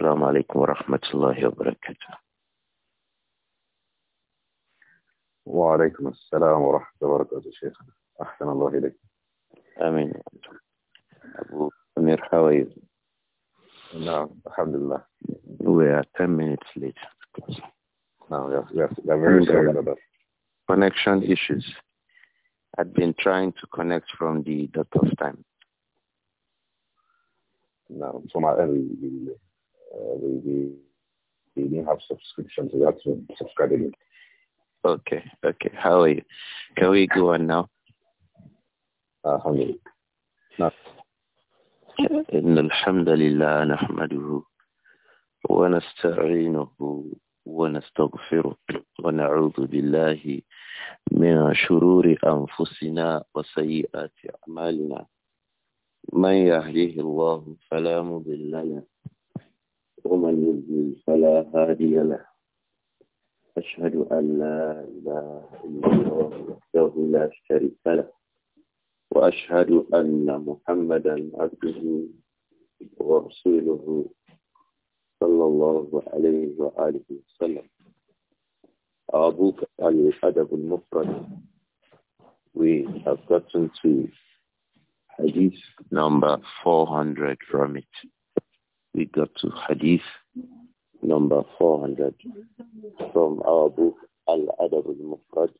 السلام عليكم ورحمة الله وبركاته وعليكم السلام ورحمة الله وبركاته شيخنا أحسن الله إليك آمين أبو أمير نعم الحمد لله We are 10 minutes late No, yes, yes, we are very sorry about that Connection issues I've been trying to connect from the dot of time. No, from our uh, we, we, we didn't have subscriptions. We had to subscribe again. Okay, okay. How are you? Can we go on now? Uh, alhamdulillah. No. إن الحمد لله نحمده ونستعينه ونستغفره ونعوذ بالله من شرور أنفسنا وسيئات أعمالنا من يهديه الله فلا مضل له ومن يضلل فلا هادي له أشهد أن لا إله إلا الله وحده لا شريك له وأشهد أن محمدا عبده ورسوله صلى الله عليه وآله وسلم أبوك الأدب المفرد we have gotten to hadith number 400 from it we got to hadith number 400 from our book Al-Adab al-Mufrad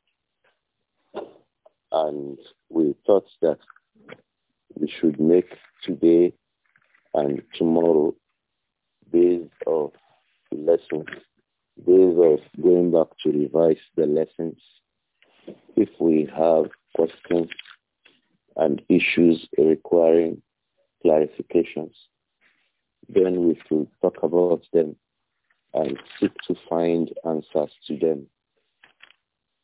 and we thought that we should make today and tomorrow days of lessons, days of going back to revise the lessons if we have questions and issues requiring clarifications then we should talk about them and seek to find answers to them.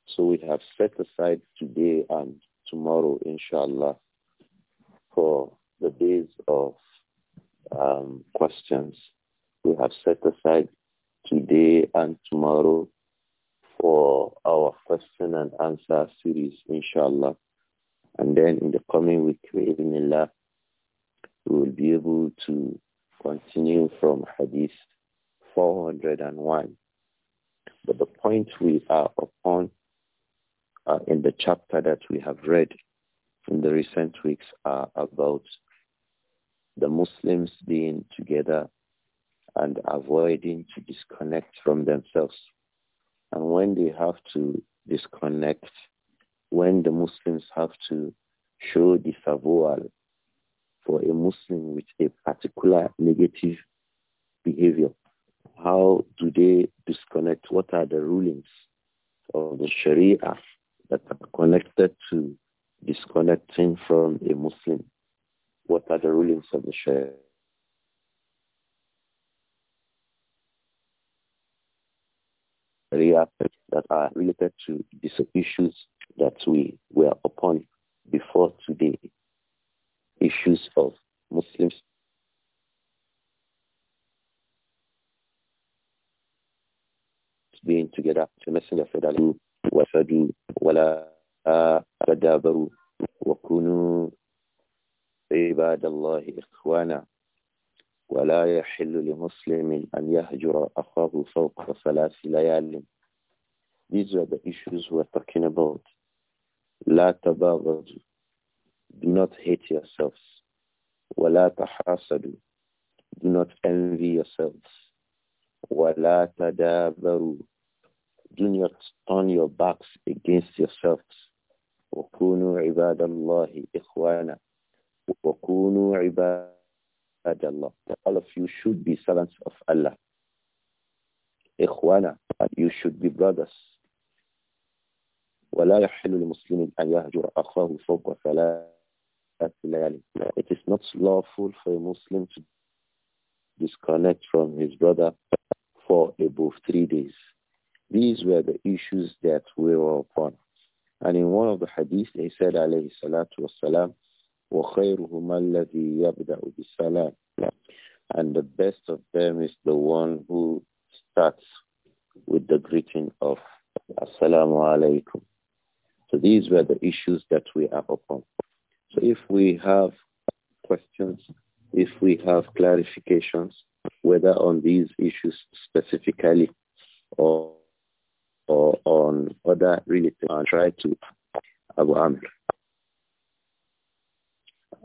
So we have set aside today and tomorrow, inshallah, for the days of um, questions. We have set aside today and tomorrow for our question and answer series, inshallah. And then in the coming week, inshallah, we will be able to continue from Hadith 401. But the point we are upon uh, in the chapter that we have read in the recent weeks are about the Muslims being together and avoiding to disconnect from themselves. And when they have to disconnect, when the Muslims have to show disavowal for a Muslim with a particular negative behavior? How do they disconnect? What are the rulings of the Sharia that are connected to disconnecting from a Muslim? What are the rulings of the Sharia? that are related to these issues that we were upon before today issues of Muslims being together. The Messenger said, "Alu wasadu wala uh, tadabaru wa kunu ibadallahi ikhwana." ولا يحل لمسلم أن يهجر أخاه فوق ثلاث ليال These are the issues we're talking about. لا تباغضوا do not hate yourselves. وَلَا تَحَاسَدُوا Do not envy yourselves. وَلَا تَدَابَرُوا Do not turn your backs against yourselves. وَكُونُوا عِبَادَ اللَّهِ إِخْوَانًا وَكُونُوا عِبَادَ اللَّهِ All of you should be servants of Allah. إِخْوَانًا You should be brothers. ولا يحل لمسلم أن يهجر أخاه فوق ثلاث it is not lawful for a Muslim to disconnect from his brother for above three days. These were the issues that we were upon. And in one of the hadiths, he said, alayhi salatu wasalam, وَخَيْرُهُمَا الَّذِي يَبْدَأُ بِالسَّلَامِ And the best of them is the one who starts with the greeting of Assalamu alaikum. So these were the issues that we are upon. So if we have questions, if we have clarifications, whether on these issues specifically or, or on other related, I'll try to Abu Amr.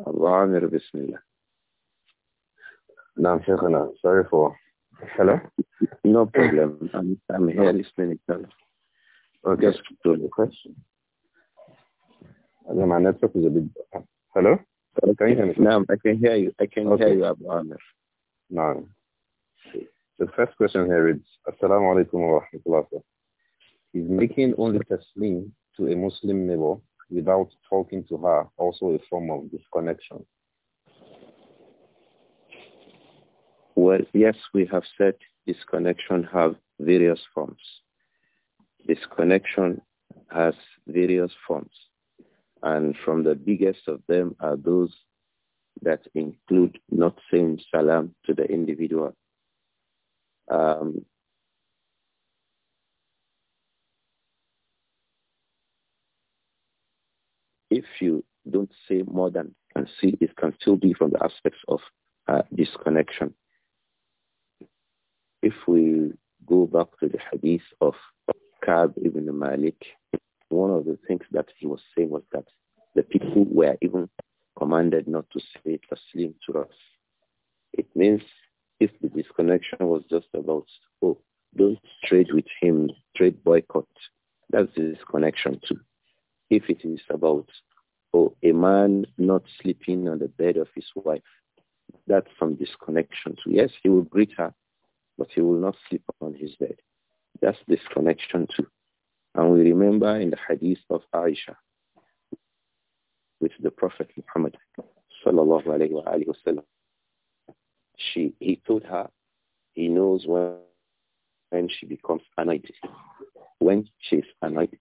Abu Amr, Bismillah. No, Shaykhana, sorry for... Hello? No problem. I'm, I'm here listening. Okay. Just to the question. Yeah, my network is a bit... Hello? can you hear me? No, I can hear you. I can okay. hear you, Abu Amir. No. The first question here is, Assalamu alaikum wa rahmatullah. Is making only taslim to a Muslim neighbor without talking to her also a form of disconnection? Well, yes, we have said disconnection have various forms. Disconnection has various forms. And from the biggest of them are those that include not saying salam to the individual. Um, if you don't say more than can see, it can still be from the aspects of uh, disconnection. If we go back to the hadith of Kab ibn Malik, one of the things that he was saying was that the people were even commanded not to say Taslim to us. It means if the disconnection was just about, oh, don't trade with him, trade boycott, that's the disconnection too. If it is about, oh, a man not sleeping on the bed of his wife, that's some disconnection too. Yes, he will greet her, but he will not sleep on his bed. That's disconnection too. And we remember in the hadith of Aisha with the Prophet Muhammad sallallahu alayhi wa alayhi wa sallam, she, he told her he knows when, when she becomes annoyed. When she is annoyed,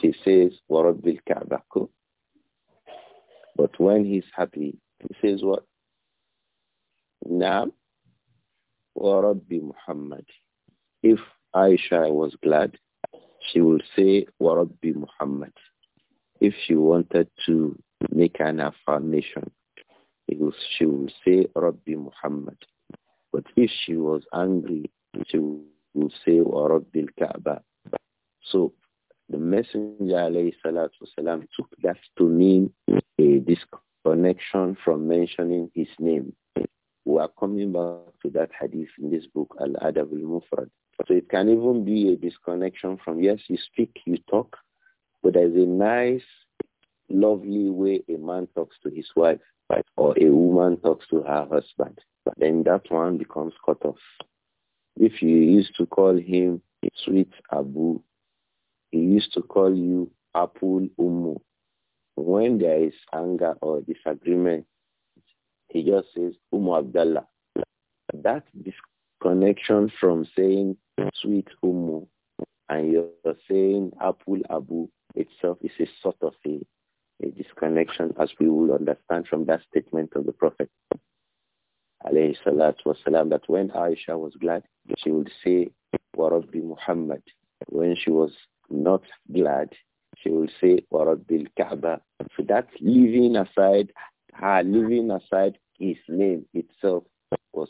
she says, وَرَبِّ الْكَعْبَةُ But when he's happy, he says what? Naam, وَرَبِّ Muhammad. If Aisha was glad, she would say, Warabbi Muhammad. If she wanted to make an affirmation, was, she would say, Rabbi Muhammad. But if she was angry, she would say, Warabbi al-Kaaba. So the Messenger, alayhi took that to mean a disconnection from mentioning his name we are coming back to that hadith in this book, Al-Adab al-Mufrad. So it can even be a disconnection from, yes, you speak, you talk, but there's a nice, lovely way a man talks to his wife right? or a woman talks to her husband. But then that one becomes cut off. If you used to call him sweet Abu, he used to call you Apul Umu. When there is anger or disagreement, he just says, Umu Abdallah. That disconnection from saying sweet Umu and you're saying Apple Abu itself is a sort of a, a disconnection as we will understand from that statement of the Prophet alayhi that when Aisha was glad, she would say, Warabbi Muhammad. When she was not glad, she would say, Warabbi al-Kaaba. So that's leaving aside, her leaving aside his name itself was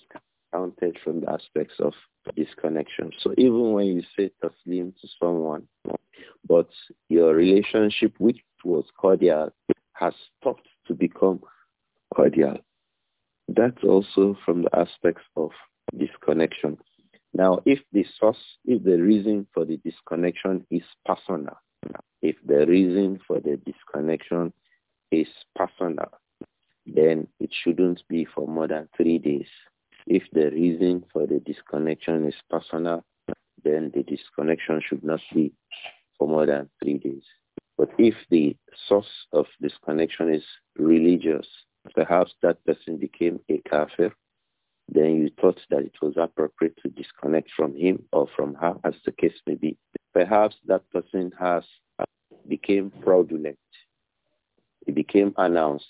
counted from the aspects of disconnection. So even when you say taslim to someone, but your relationship which was cordial has stopped to become cordial. That's also from the aspects of disconnection. Now, if the source, if the reason for the disconnection is personal, if the reason for the disconnection is personal, then it shouldn't be for more than three days. If the reason for the disconnection is personal, then the disconnection should not be for more than three days. But if the source of disconnection is religious, perhaps that person became a kafir, then you thought that it was appropriate to disconnect from him or from her, as the case may be. Perhaps that person has became fraudulent. It became announced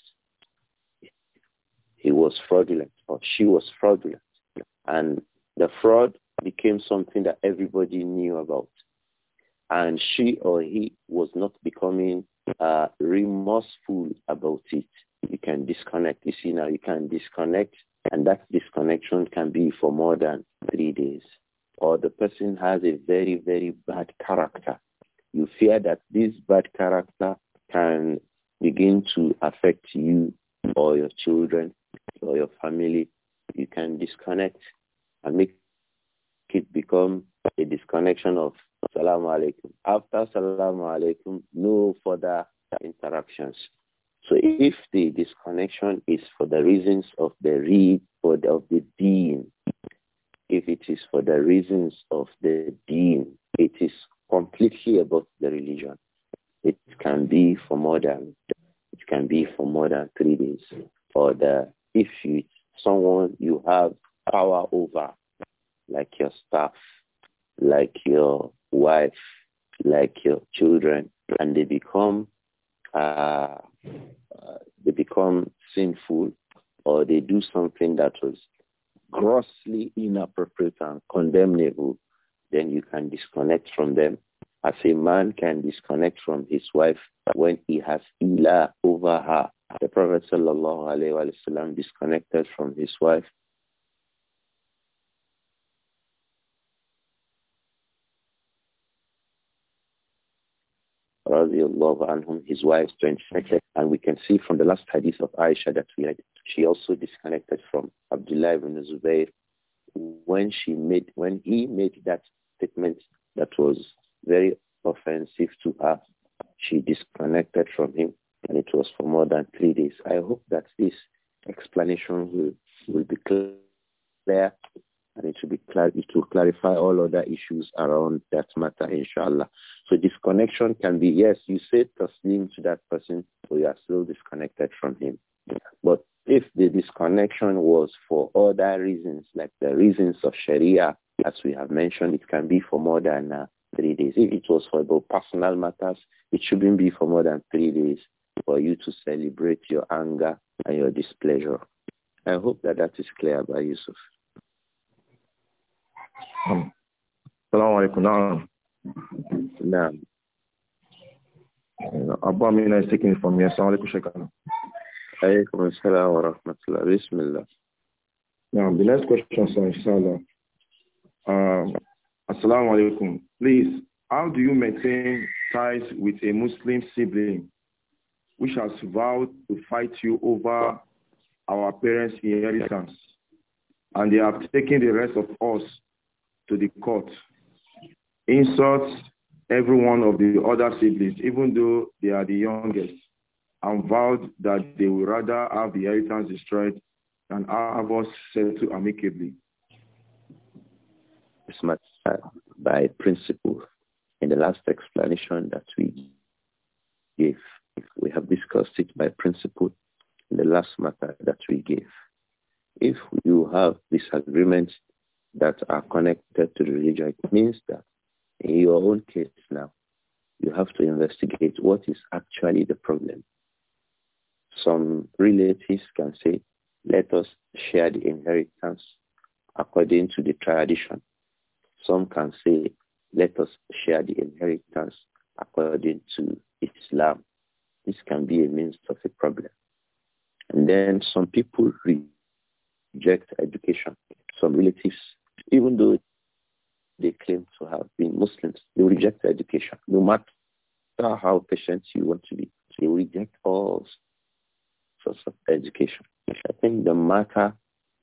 he was fraudulent or she was fraudulent. And the fraud became something that everybody knew about. And she or he was not becoming uh, remorseful about it. You can disconnect. You see now, you can disconnect. And that disconnection can be for more than three days. Or the person has a very, very bad character. You fear that this bad character can begin to affect you or your children or your family, you can disconnect and make it become a disconnection of Salaam Alaikum. After Salaam Alaikum, no further interactions. So if the disconnection is for the reasons of the read or of the deen, if it is for the reasons of the deen, it is completely about the religion. It can be for more than it can be for more than three days. For the if you, someone you have power over, like your staff, like your wife, like your children, and they become uh, uh, they become sinful or they do something that was grossly inappropriate and condemnable, then you can disconnect from them. As a man can disconnect from his wife when he has ila over her, the Prophet ﷺ disconnected from his wife radiallahu anhum, his wife to And we can see from the last hadith of Aisha that we had, she also disconnected from Abdullah ibn Zubayr when she made, when he made that statement that was very offensive to her. She disconnected from him and it was for more than three days. I hope that this explanation will, will be clear and it will be clear. it will clarify all other issues around that matter, inshallah. So disconnection can be, yes, you say taslim to that person, but you are still disconnected from him. But if the disconnection was for other reasons, like the reasons of Sharia, as we have mentioned, it can be for more than uh, three days. If it was for about personal matters, it shouldn't be for more than three days for you to celebrate your anger and your displeasure. I hope that that is clear by Yusuf. Um, Assalamu alaikum. Uh, Abba Amina is taking from me. Assalamu alaikum, Shaykhana. Alaikum assalam wa rahmatullah. Bismillah. Now, the next question, sir, inshallah. Uh, Assalamu alaikum. Please, how do you maintain ties with a Muslim sibling which has vowed to fight you over our parents' inheritance, and they have taken the rest of us to the court. Insult every one of the other siblings, even though they are the youngest, and vowed that they would rather have the inheritance destroyed than have us settled amicably. This much by principle in the last explanation that we gave we have discussed it by principle in the last matter that we gave. If you have disagreements that are connected to the religion, it means that in your own case now, you have to investigate what is actually the problem. Some relatives can say, let us share the inheritance according to the tradition. Some can say, let us share the inheritance according to Islam. This can be a means of a problem. And then some people reject education. Some relatives, even though they claim to have been Muslims, they reject education. No matter how patient you want to be, they reject all sorts of education. I think the matter,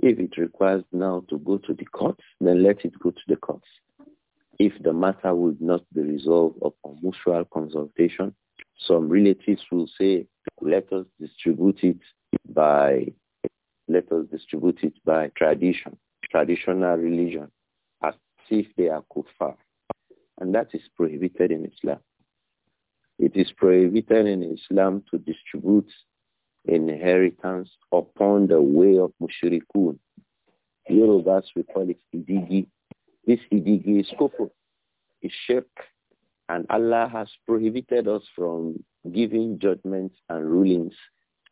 if it requires now to go to the courts, then let it go to the courts. If the matter would not be resolved upon mutual consultation, some relatives will say, let us distribute it by, let us distribute it by tradition, traditional religion, as if they are kuffar. And that is prohibited in Islam. It is prohibited in Islam to distribute inheritance upon the way of mushrikun. Yorubas, we call it idigi. This idigi is kufr, is shirk, and Allah has prohibited us from giving judgments and rulings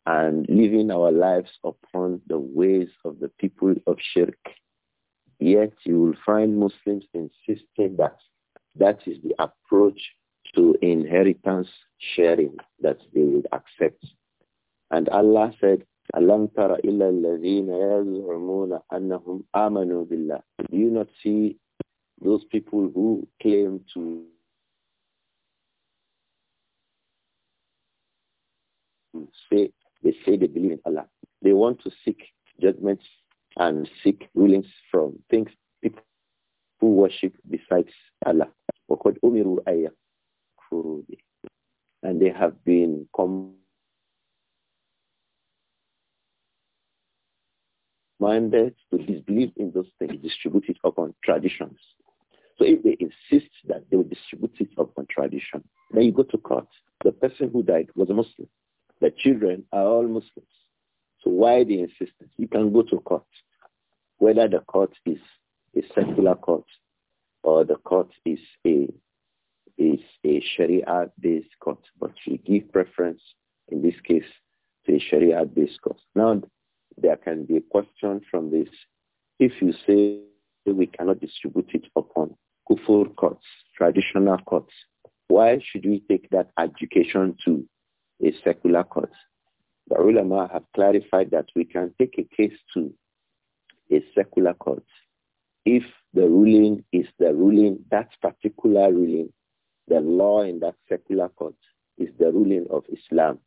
and living our lives upon the ways of the people of Shirk. Yet you will find Muslims insisting that that is the approach to inheritance sharing that they would accept. And Allah said, أَلَمْ تَرَ إِلَّا الَّذِينَ يَزْعُمُونَ أَنَّهُمْ آمَنُوا بِاللَّهِ Do you not see those people who claim to say they say they believe in Allah. They want to seek judgments and seek rulings from things people who worship besides Allah. And they have been commanded to disbelieve in those things distributed upon traditions. So if they insist that they will distribute it upon tradition, then you go to court. The person who died was a Muslim. The children are all Muslims. So why the insistence? You can go to court, whether the court is a secular court or the court is a is a Sharia-based court, but we give preference in this case to a Sharia-based court. Now, there can be a question from this. If you say we cannot distribute it upon kufur courts, traditional courts, why should we take that education to a secular court. The ulama have clarified that we can take a case to a secular court if the ruling is the ruling, that particular ruling, the law in that secular court is the ruling of Islam.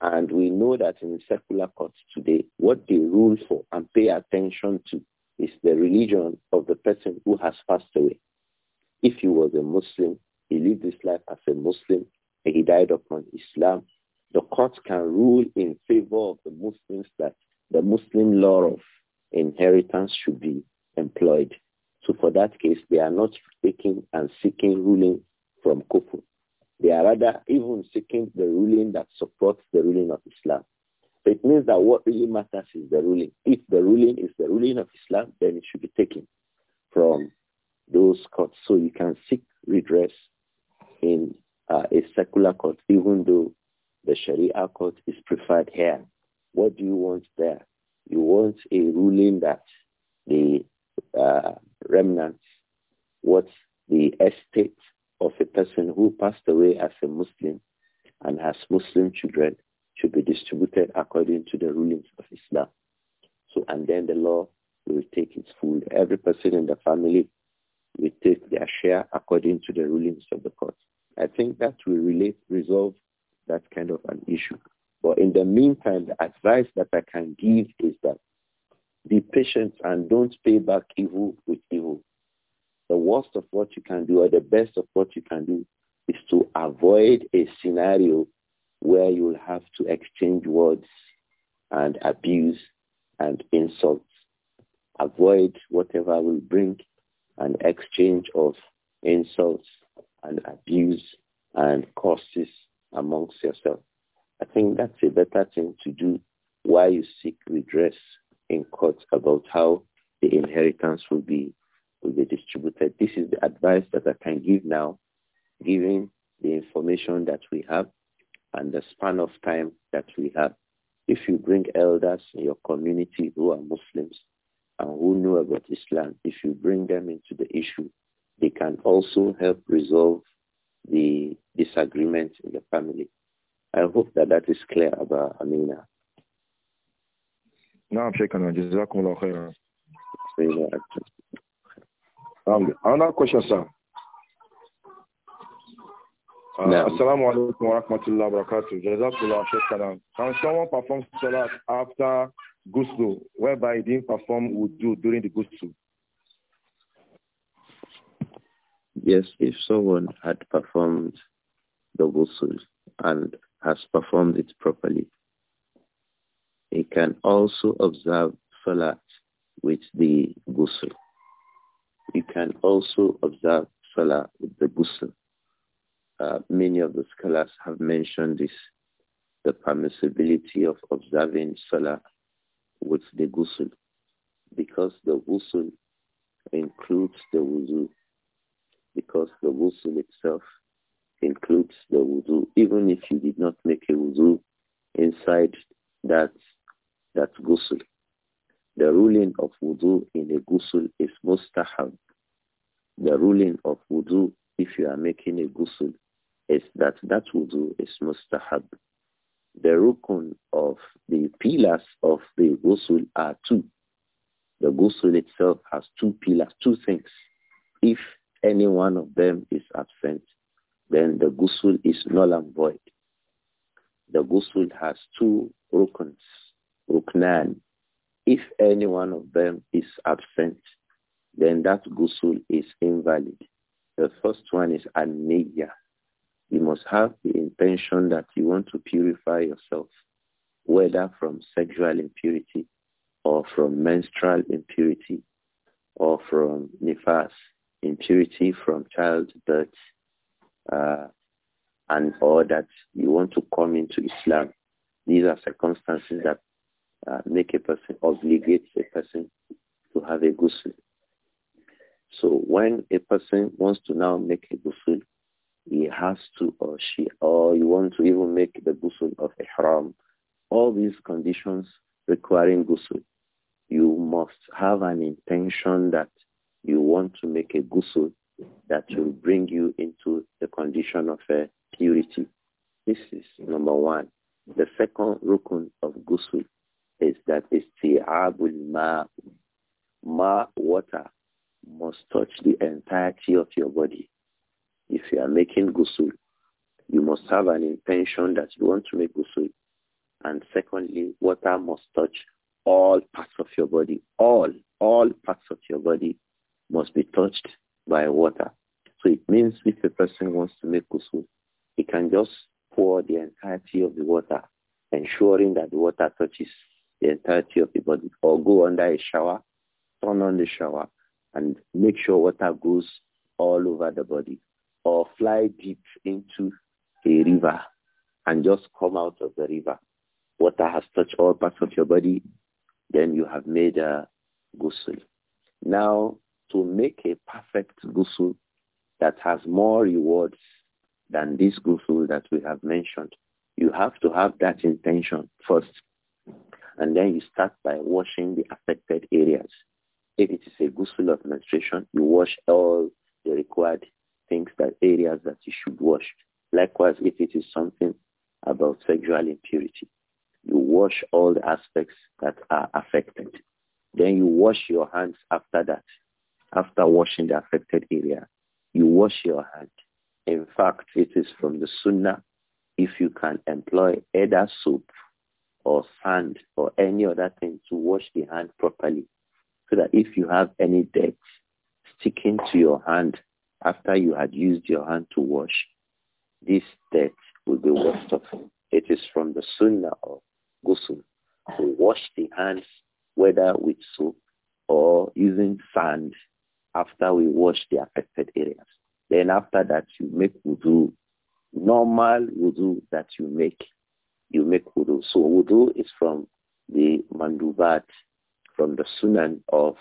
And we know that in secular courts today, what they rule for and pay attention to is the religion of the person who has passed away. If he was a Muslim, he lived his life as a Muslim, he died upon Islam, the court can rule in favor of the Muslims that the Muslim law of inheritance should be employed. So for that case, they are not taking and seeking ruling from Kufu. They are rather even seeking the ruling that supports the ruling of Islam. So it means that what really matters is the ruling. If the ruling is the ruling of Islam, then it should be taken from those courts. So you can seek redress uh, a secular court, even though the Sharia court is preferred here. What do you want there? You want a ruling that the uh, remnants, what the estate of a person who passed away as a Muslim and has Muslim children should be distributed according to the rulings of Islam. So, and then the law will take its full. Every person in the family will take their share according to the rulings of the I think that will resolve that kind of an issue. But in the meantime, the advice that I can give is that be patient and don't pay back evil with evil. The worst of what you can do or the best of what you can do is to avoid a scenario where you'll have to exchange words and abuse and insults. Avoid whatever will bring an exchange of insults and abuse and causes amongst yourself. I think that's a better thing to do while you seek redress in court about how the inheritance will be will be distributed. This is the advice that I can give now, given the information that we have and the span of time that we have. If you bring elders in your community who are Muslims and who know about Islam, if you bring them into the issue, they can also help resolve the Disagreements in the family. I hope that that is clear about Amina. نعم شيخنا جزاكم الله خيرا. Another question, sir. Uh, no. Assalamu alaikum wa rahmatullahi wa barakatuh. Jazakullah Shaykhana. Can someone perform salat after ghusl, whereby he didn't perform wudu during the ghusl? Yes, if someone had performed the ghusl and has performed it properly. He can also observe salat with the ghusl. You can also observe salah with the ghusl. Uh, many of the scholars have mentioned this, the permissibility of observing salah with the ghusl, because the ghusl includes the wuzu, because the ghusl itself includes the wudu, even if you did not make a wudu inside that that ghusl. The ruling of wudu in a ghusl is mustahab. The ruling of wudu if you are making a ghusl is that that wudu is mustahab. The rukun of the pillars of the ghusl are two. The ghusl itself has two pillars, two things. If any one of them is absent, then the ghusl is null and void. The ghusl has two rukns, ruknan. If any one of them is absent, then that ghusl is invalid. The first one is aniyya. You must have the intention that you want to purify yourself, whether from sexual impurity or from menstrual impurity or from nifas, impurity from childbirth, uh, and or that you want to come into Islam. These are circumstances that uh, make a person, obligate a person to have a ghusl. So when a person wants to now make a ghusl, he has to or she, or you want to even make the ghusl of ihram, all these conditions requiring ghusl, you must have an intention that you want to make a ghusl that will bring you into the condition of uh, purity. This is number one. The second rukun of ghusl is that isti'abul ma, ma water must touch the entirety of your body. If you are making ghusl, you must have an intention that you want to make ghusl. And secondly, water must touch all parts of your body. All, all parts of your body must be touched by water. So it means if a person wants to make ghusl, he can just pour the entirety of the water, ensuring that the water touches the entirety of the body, or go under a shower, turn on the shower, and make sure water goes all over the body, or fly deep into a river and just come out of the river. Water has touched all parts of your body, then you have made a ghusl. Now, to make a perfect ghusl that has more rewards than this ghusl that we have mentioned. You have to have that intention first. And then you start by washing the affected areas. If it is a ghusl of menstruation, you wash all the required things that areas that you should wash. Likewise, if it is something about sexual impurity, you wash all the aspects that are affected. Then you wash your hands after that after washing the affected area, you wash your hand. In fact, it is from the sunnah if you can employ either soap or sand or any other thing to wash the hand properly so that if you have any dirt sticking to your hand after you had used your hand to wash, this dirt will be washed off. It is from the sunnah of ghusl to wash the hands whether with soap or using sand after we wash the affected areas. Then after that, you make wudu, normal wudu that you make. You make wudu. So wudu is from the mandubat, from the sunan of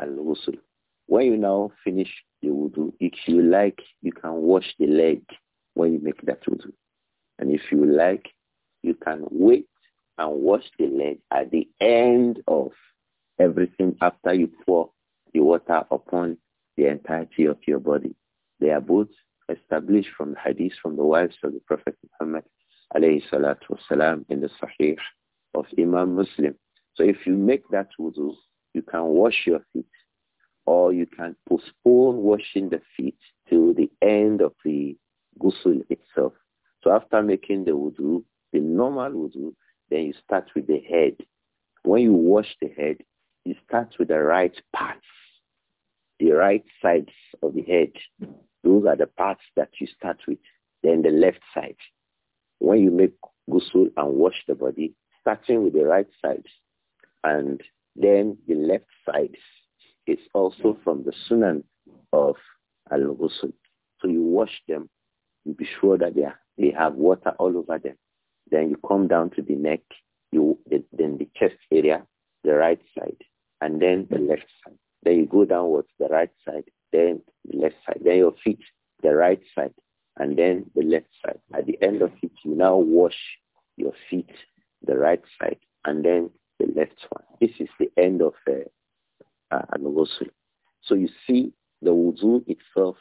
al-ghusl. When you now finish the wudu, if you like, you can wash the leg when you make that wudu. And if you like, you can wait and wash the leg at the end of everything after you pour the water upon the entirety of your body. They are both established from the hadith from the wives of the Prophet Muhammad alayhi salatu wasalam in the Sahih of Imam Muslim. So if you make that wudu, you can wash your feet or you can postpone washing the feet till the end of the ghusl itself. So after making the wudu, the normal wudu, then you start with the head. When you wash the head, you start with the right parts the right sides of the head. Those are the parts that you start with. Then the left side. When you make ghusl and wash the body, starting with the right sides and then the left sides is also from the sunan of al-ghusl. So you wash them, you be sure that they, are, they have water all over them. Then you come down to the neck, you then the chest area, the right side, and then the left side. Then you go downwards, the right side, then the left side, then your feet, the right side, and then the left side. At the end of it, you now wash your feet, the right side, and then the left one. This is the end of uh, uh, an ghusl. So you see, the wudu itself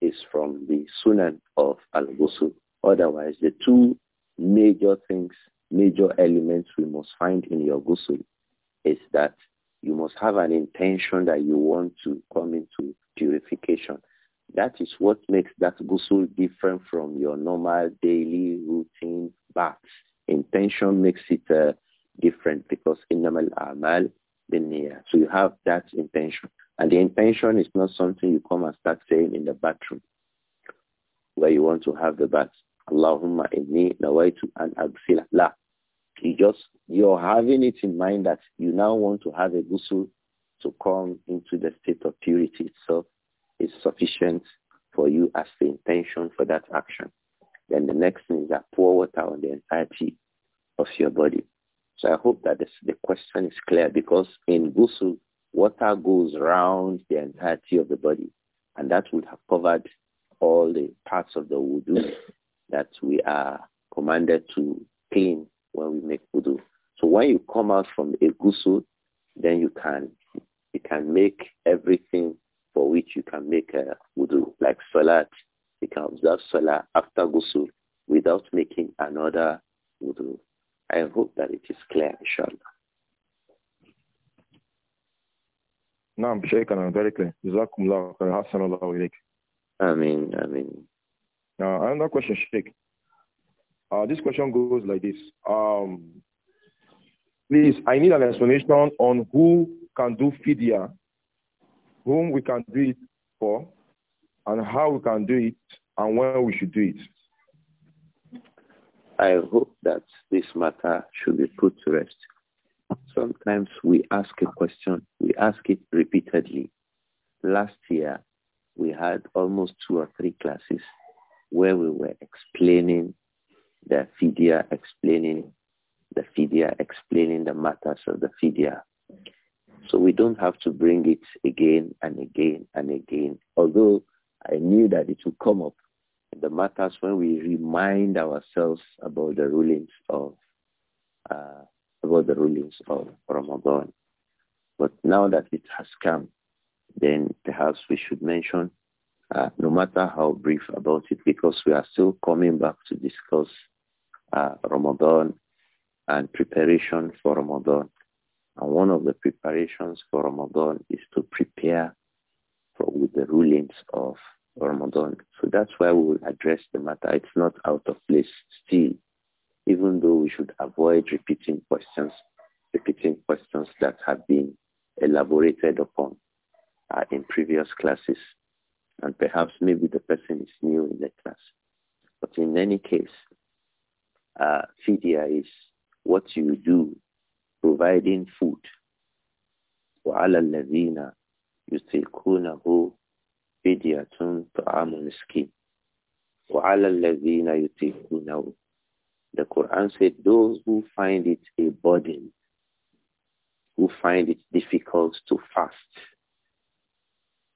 is from the sunan of al-ghusl. Otherwise, the two major things, major elements we must find in your ghusl is that you must have an intention that you want to come into purification. That is what makes that ghusl different from your normal daily routine bath. Intention makes it uh, different because innamal amal binniyah. So you have that intention. And the intention is not something you come and start saying in the bathroom where you want to have the bath. Allahumma inni nawaitu an La. You just, you're having it in mind that you now want to have a ghusl to come into the state of purity itself is sufficient for you as the intention for that action. Then the next thing is that pour water on the entirety of your body. So I hope that this, the question is clear because in ghusl, water goes round the entirety of the body and that would have covered all the parts of the wudu that we are commanded to clean when we make wudu. So when you come out from a then you can you can make everything for which you can make a uh, wudu, like salat. You can observe salat after ghusl without making another wudu. I hope that it is clear, inshallah. نعم شيخنا very clear. جزاكم الله خير. حسن I mean. آمين آمين. Uh, another question, Sheikh. Uh, this question goes like this. Um, please, I need an explanation on who can do fidya, whom we can do it for, and how we can do it, and when we should do it. I hope that this matter should be put to rest. Sometimes we ask a question, we ask it repeatedly. Last year, we had almost two or three classes where we were explaining the fidya explaining the fidya explaining the matters of the fidya. So we don't have to bring it again and again and again. Although I knew that it would come up in the matters when we remind ourselves about the rulings of uh, about the rulings of Ramadan. But now that it has come, then perhaps we should mention, uh, no matter how brief about it, because we are still coming back to discuss uh, Ramadan and preparation for Ramadan. And one of the preparations for Ramadan is to prepare for, with the rulings of Ramadan. So that's why we will address the matter. It's not out of place still, even though we should avoid repeating questions, repeating questions that have been elaborated upon uh, in previous classes. And perhaps maybe the person is new in the class. But in any case, uh, fidya is what you do providing food. وعلى الذين يطيقونه فدية طعام مسكين وعلى الذين يطيقونه The Quran said those who find it a burden, who find it difficult to fast,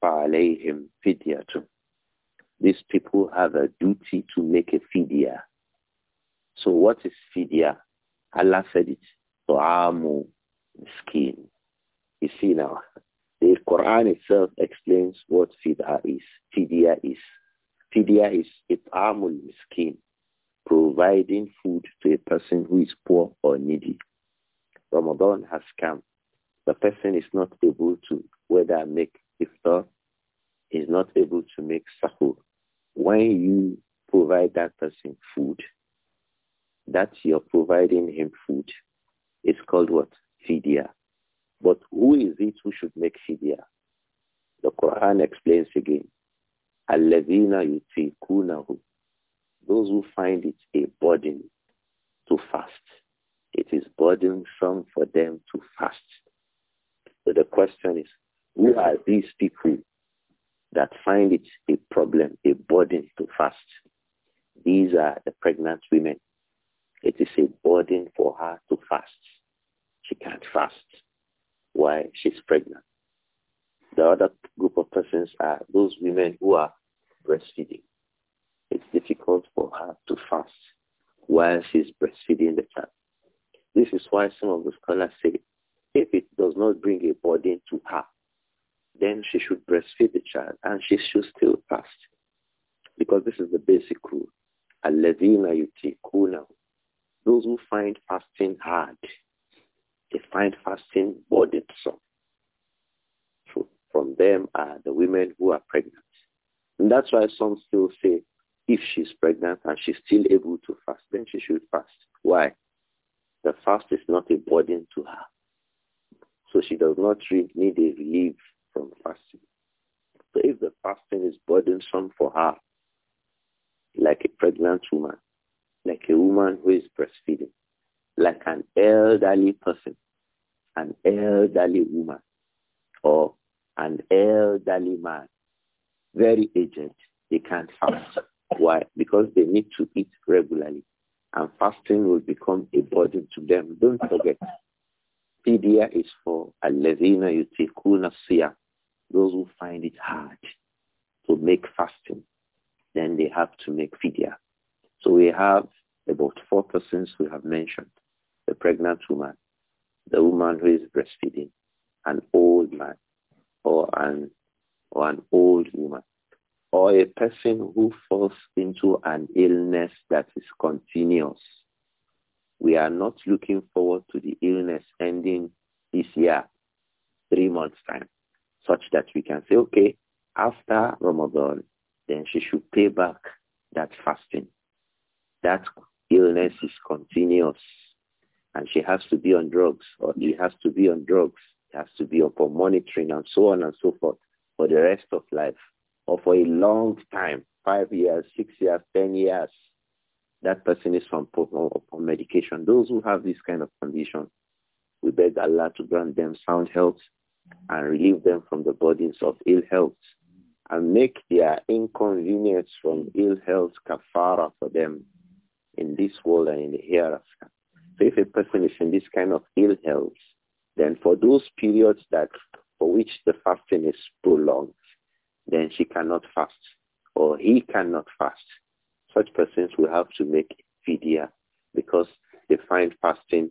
فعليهم فدية These people have a duty to make a fidya so what is fidya? Allah said it. Tu'amu skin. You see now, the Quran itself explains what fidya is. Fidya is. Fidya is it'amul miskin, providing food to a person who is poor or needy. Ramadan has come. The person is not able to whether make iftar, is not able to make sahur. When you provide that person food, that you're providing him food is called what? Fidya. But who is it who should make fidya? The Quran explains again. Alladhina yutikunahu. Those who find it a burden to fast. It is burdensome for them to fast. So the question is, who are these people that find it a problem, a burden to fast? These are the pregnant women it is a burden for her to fast. She can't fast. Why? She's pregnant. The other group of persons are those women who are breastfeeding. It's difficult for her to fast while she's breastfeeding the child. This is why some of the scholars say if it does not bring a burden to her, then she should breastfeed the child and she should still fast. Because this is the basic rule. Those who find fasting hard, they find fasting burdensome. So from them are the women who are pregnant. And that's why some still say if she's pregnant and she's still able to fast, then she should fast. Why? The fast is not a burden to her. So she does not need a relief from fasting. So if the fasting is burdensome for her, like a pregnant woman, like a woman who is breastfeeding, like an elderly person, an elderly woman, or an elderly man, very aged, they can't fast. Why? Because they need to eat regularly. And fasting will become a burden to them. Don't forget, Fidya is for Alevina Yutikuna those who find it hard to make fasting. Then they have to make Fidya. So we have about four persons we have mentioned. The pregnant woman, the woman who is breastfeeding, an old man, or an, or an old woman, or a person who falls into an illness that is continuous. We are not looking forward to the illness ending this year, three months time, such that we can say, okay, after Ramadan, then she should pay back that fasting that illness is continuous and she has to be on drugs or he has to be on drugs, he has to be upon monitoring and so on and so forth for the rest of life or for a long time, five years, six years, ten years. That person is from upon medication. Those who have this kind of condition, we beg Allah to grant them sound health and relieve them from the burdens of ill health and make their inconvenience from ill health kafara for them in this world and in the hereafter. So if a person is in this kind of ill health, then for those periods that for which the fasting is prolonged, then she cannot fast or he cannot fast. Such persons will have to make fidya because they find fasting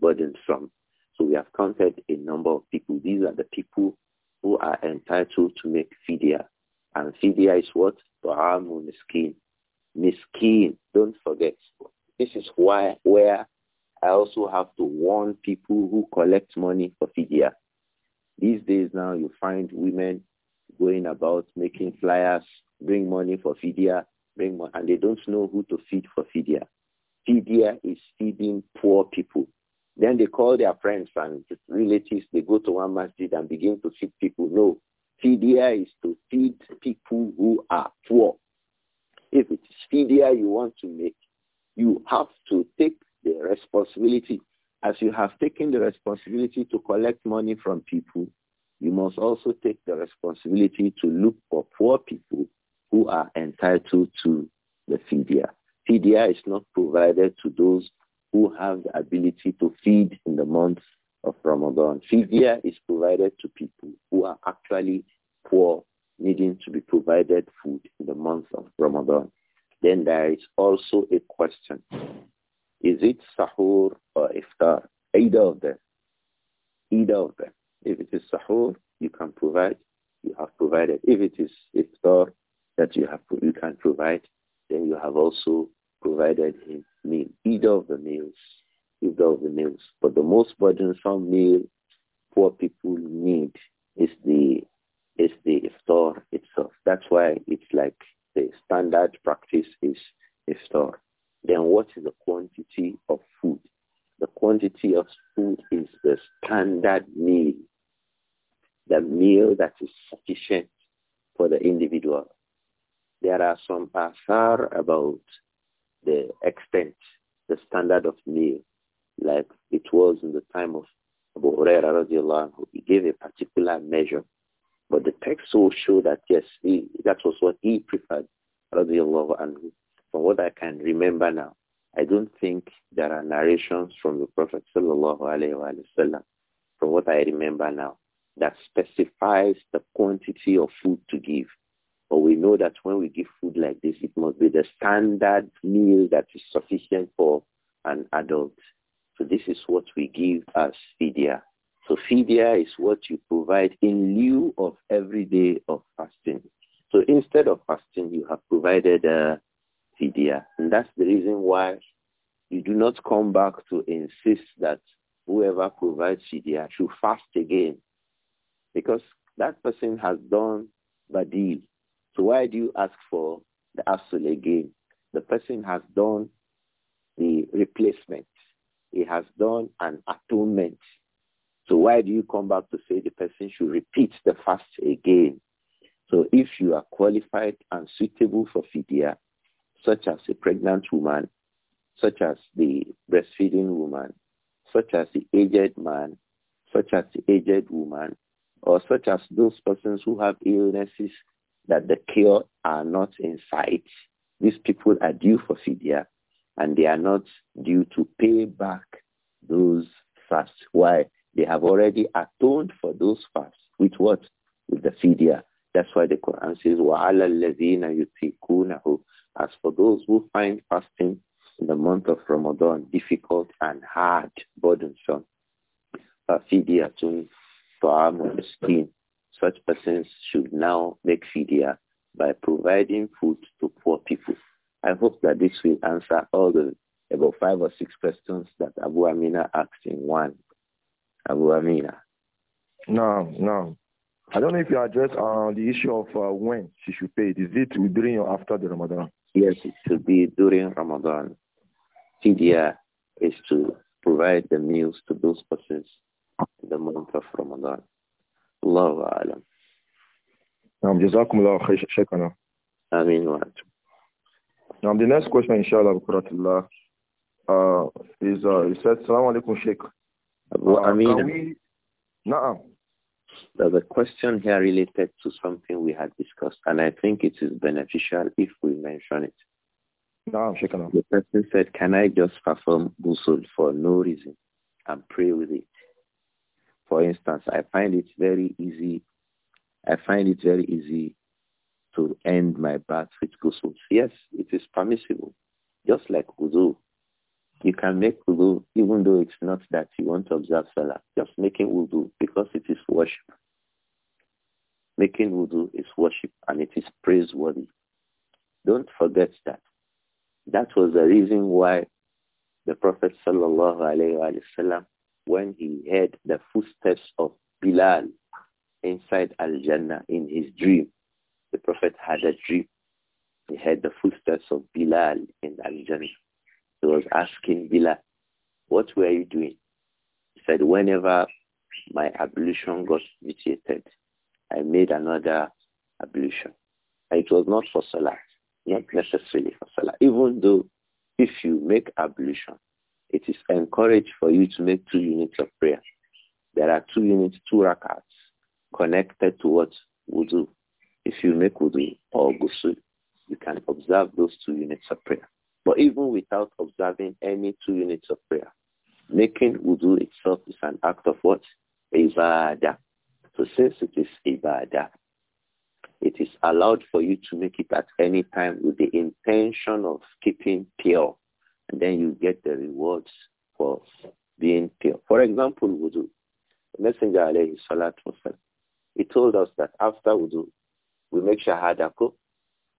burdensome. So we have counted a number of people. These are the people who are entitled to make fidya. And fidya is what? Ba'amun skin. Miskin, don't forget. This is why where I also have to warn people who collect money for fidya. These days now you find women going about making flyers, bring money for fidya, bring money, and they don't know who to feed for fidya. Fidya is feeding poor people. Then they call their friends and relatives. They go to one masjid and begin to feed people. No, fidya is to feed people who are poor. If it is fidya you want to make, you have to take the responsibility. As you have taken the responsibility to collect money from people, you must also take the responsibility to look for poor people who are entitled to the fidya. Fidya is not provided to those who have the ability to feed in the month of Ramadan. Fidya is provided to people who are actually poor needing to be provided food in the month of Ramadan. Then there is also a question. Is it sahur or iftar? Either of them. Either of them. If it is sahur, you can provide, you have provided. If it is iftar that you have, you can provide, then you have also provided him meal. Either of the meals, either of the meals. But the most burdensome meal poor people need is the is the iftar itself. That's why it's like the standard practice is iftar. Then what is the quantity of food? The quantity of food is the standard meal, the meal that is sufficient for the individual. There are some asar about the extent, the standard of meal, like it was in the time of Abu Huraira radiallahu anhu. He gave a particular measure but the text will show that, yes, he, that was what he preferred, radiallahu anhu. From what I can remember now, I don't think there are narrations from the Prophet sallallahu Alaihi Wasallam. from what I remember now, that specifies the quantity of food to give. But we know that when we give food like this, it must be the standard meal that is sufficient for an adult. So this is what we give as fidya so fidya is what you provide in lieu of every day of fasting. So instead of fasting, you have provided a uh, fidya. And that's the reason why you do not come back to insist that whoever provides fidya should fast again. Because that person has done badil. So why do you ask for the absol again? The person has done the replacement. He has done an atonement. So why do you come back to say the person should repeat the fast again? So if you are qualified and suitable for fidya, such as a pregnant woman, such as the breastfeeding woman, such as the aged man, such as the aged woman, or such as those persons who have illnesses that the cure are not in sight. These people are due for fidya and they are not due to pay back those fasts. Why? They have already atoned for those fasts. With what? With the fidya. That's why the Quran says, وَعَلَى الَّذِينَ يُتِيكُونَهُ As for those who find fasting in the month of Ramadan difficult and hard, burdensome, فَفِدْيَةٌ uh, طَعَامُ miskin. Such persons should now make fidya by providing food to poor people. I hope that this will answer all the about five or six questions that Abu Amina asked in one. Abu Amina. No, no. I don't know if you address uh, the issue of uh, when she should pay it. Is it during or after the Ramadan? Yes, it should be during Ramadan. Fidya is to provide the meals to those persons in the month of Ramadan. Allahu Alam. Um, جزاكم الله خير شكرا. wa وأنتم. Now the next question, inshallah, uh, is uh, it says, "Assalamu alaikum, Sheikh. I mean, No. There's a question here related to something we had discussed, and I think it is beneficial if we mention it. No, the person said, can I just perform ghusl for no reason and pray with it? For instance, I find it very easy. I find it very easy to end my bath with ghusl. Yes, it is permissible. Just like wudu, you can make wudu even though it's not that you want to observe Salah. Just making wudu because it is worship. Making wudu is worship and it is praiseworthy. Don't forget that. That was the reason why the Prophet sallallahu alaihi wasallam, when he heard the footsteps of Bilal inside Al-Jannah in his dream, the Prophet had a dream. He heard the footsteps of Bilal in Al-Jannah. He was asking Bilal, what were you doing? He said, whenever my ablution got vitiated, I made another ablution. And it was not for Salah, not necessarily for Salah. Even though if you make ablution, it is encouraged for you to make two units of prayer. There are two units, two rakats connected to what wudu. If you make wudu or ghusl, you can observe those two units of prayer. But even without observing any two units of prayer, making wudu itself is an act of what? Ibadah. So since it is ibadah, it is allowed for you to make it at any time with the intention of keeping pure. And then you get the rewards for being pure. For example, wudu. The Messenger alayhi salatu wasalam, he told us that after wudu, we make shahada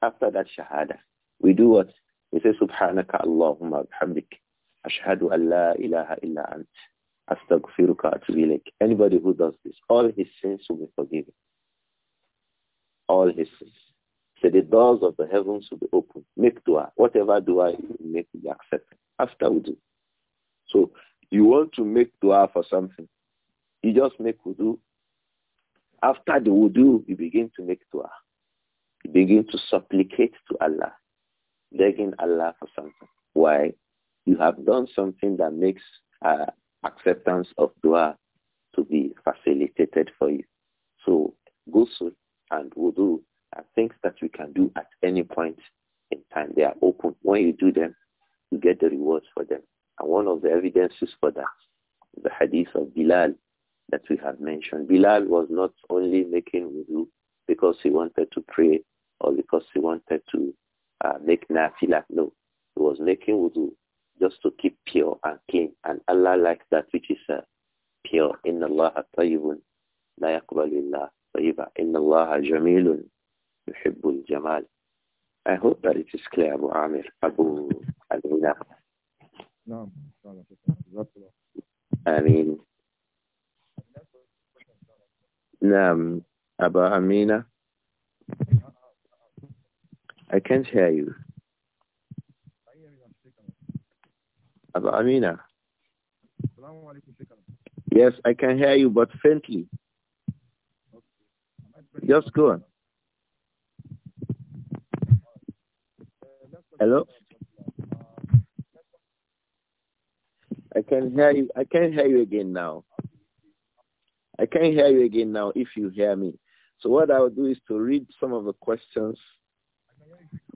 After that shahada, we do what? We say, Subhanaka Allahumma bihamdik. Ashhadu an la ilaha illa ant. Astaghfiruka atubilek. Anybody who does this, all his sins will be forgiven. All his sins. So the doors of the heavens will be open. Make dua. Whatever dua you make will be accepted. After we do. So you want to make dua for something. You just make wudu. After the wudu, you begin to make dua. You begin to supplicate to Allah begging Allah for something. Why? You have done something that makes uh, acceptance of dua to be facilitated for you. So ghusl and wudu are things that you can do at any point in time. They are open. When you do them, you get the rewards for them. And one of the evidences for that is the hadith of Bilal that we have mentioned. Bilal was not only making wudu because he wanted to pray or because he wanted to uh, make nafilah. No, he was making wudu just to keep pure and clean. And Allah likes that which is uh, pure. Inna Allah tayyibun la yaqbalu illa tayyiba. Inna Allah jamilun yuhibbul jamal. I hope that it is clear, Abu Amir, Abu Alina. No, I mean, Naam, Aba Amina. I can't hear you. Abu Amina. Yes, I can hear you, but faintly. Just go on. Hello? I can hear you. I can hear you again now. I can hear you again now if you hear me. So what I'll do is to read some of the questions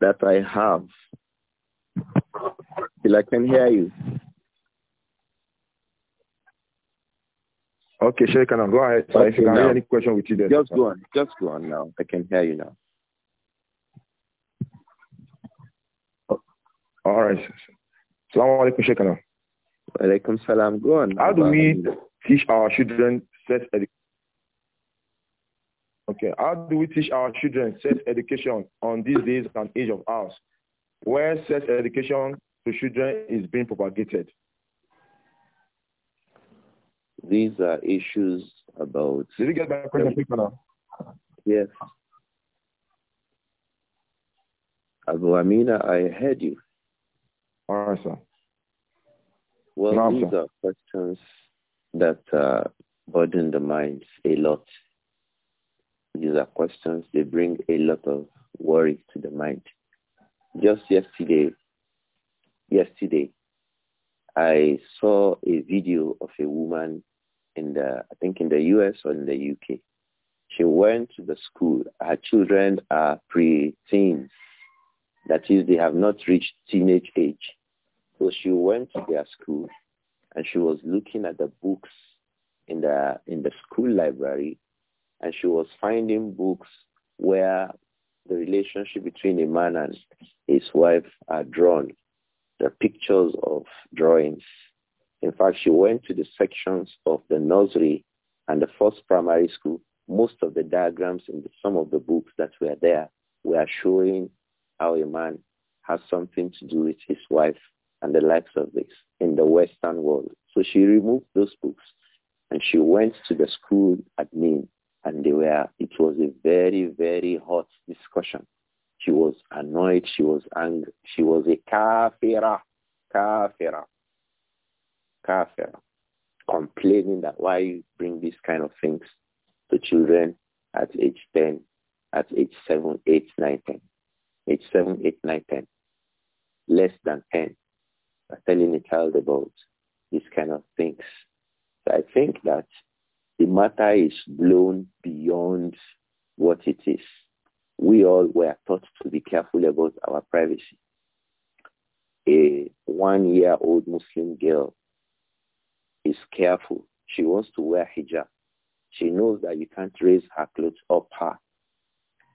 that I have. Still I can hear you. Okay, Sheikh can I go ahead. okay, if you can any question with you then. Just go on. Just go on now. I can hear you now. Oh, all right. Salaam alaikum, Sheikh. Alaikum salam. Go on. How do we teach our children sex education? Okay, how do we teach our children sex education on these days and age of ours, where sex education to children is being propagated? These are issues about... Did you get my question, now? Yes. Abu Amina, I heard you. All right, sir. Well, no, these sir. are questions that uh, burden the minds a lot these are questions, they bring a lot of worry to the mind. Just yesterday, yesterday, I saw a video of a woman in the, I think in the US or in the UK. She went to the school. Her children are pre-teens. That is, they have not reached teenage age. So she went to their school and she was looking at the books in the, in the school library and she was finding books where the relationship between a man and his wife are drawn, the pictures of drawings. In fact, she went to the sections of the nursery and the first primary school. Most of the diagrams in the, some of the books that were there were showing how a man has something to do with his wife and the likes of this in the Western world. So she removed those books and she went to the school admin and they were, it was a very, very hot discussion. She was annoyed. She was angry. She was a kafira, kafira, kafira, complaining that why you bring these kind of things to children at age 10, at age 7, 8, 9, 10. Age 7, 8, 9, 10. Less than 10. telling a child about these kind of things. So I think that the matter is blown beyond what it is. We all were taught to be careful about our privacy. A one-year-old Muslim girl is careful. She wants to wear hijab. She knows that you can't raise her clothes up her.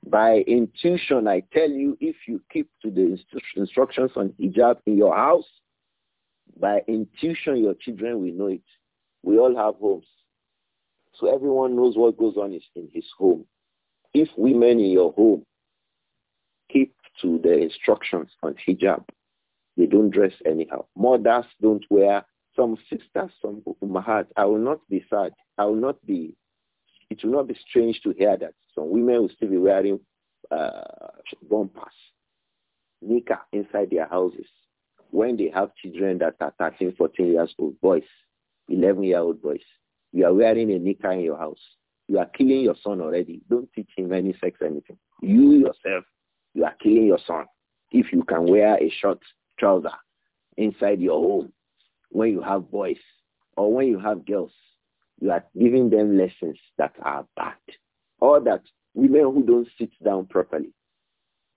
By intuition, I tell you, if you keep to the instructions on hijab in your house, by intuition, your children will know it. We all have homes. So everyone knows what goes on in his home. If women in your home keep to the instructions on hijab, they don't dress anyhow. Mothers don't wear, some sisters, some umahat. I will not be sad. I will not be, it will not be strange to hear that some women will still be wearing uh, bumpers, nika inside their houses when they have children that are 13, 14 years old boys, 11 year old boys you are wearing a nikah in your house. You are killing your son already. Don't teach him any sex anything. You yourself, you are killing your son. If you can wear a short trouser inside your home when you have boys or when you have girls, you are giving them lessons that are bad. Or that women who don't sit down properly,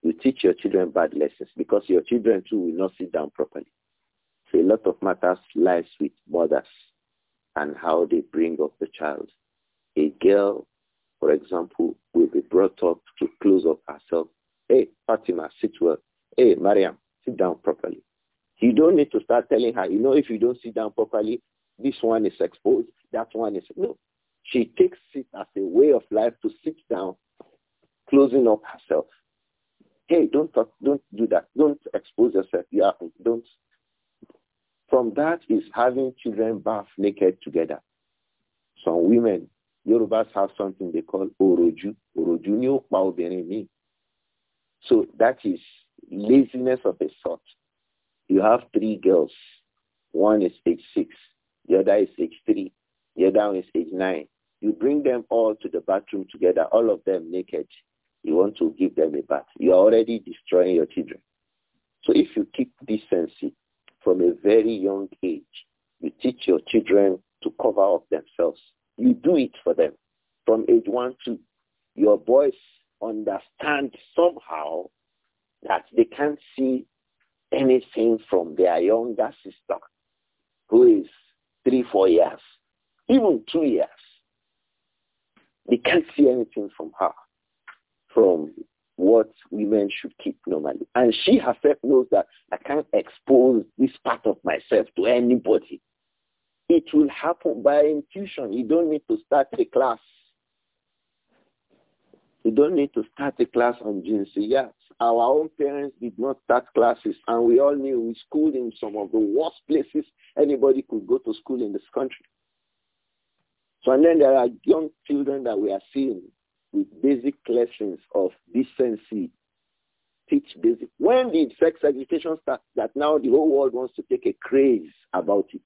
you teach your children bad lessons because your children too will not sit down properly. So a lot of matters lies with mothers and how they bring up the child. A girl, for example, will be brought up to close up herself. Hey, Fatima, sit well. Hey, Mariam, sit down properly. You don't need to start telling her, you know, if you don't sit down properly, this one is exposed, that one is... No. She takes it as a way of life to sit down, closing up herself. Hey, don't talk, don't do that. Don't expose yourself. You are, don't from that is having children bath naked together. Some women, Yorubas have something they call oroju. Oroju ni ó mi. So that is laziness of a sort. You have three girls. One is age six. The other is age three. The other one is age nine. You bring them all to the bathroom together, all of them naked. You want to give them a bath. You are already destroying your children. So if you keep decency, from a very young age. You teach your children to cover up themselves. You do it for them from age one to your boys understand somehow that they can't see anything from their younger sister who is three, four years, even two years. They can't see anything from her, from what women should keep normally. And she herself knows that I can't expose this part of myself to anybody. It will happen by intuition. You don't need to start a class. You don't need to start a class on Yes, Our own parents did not start classes, and we all knew we schooled in some of the worst places anybody could go to school in this country. So and then there are young children that we are seeing with basic lessons of decency. Teach basic. When did sex education start that now the whole world wants to take a craze about it?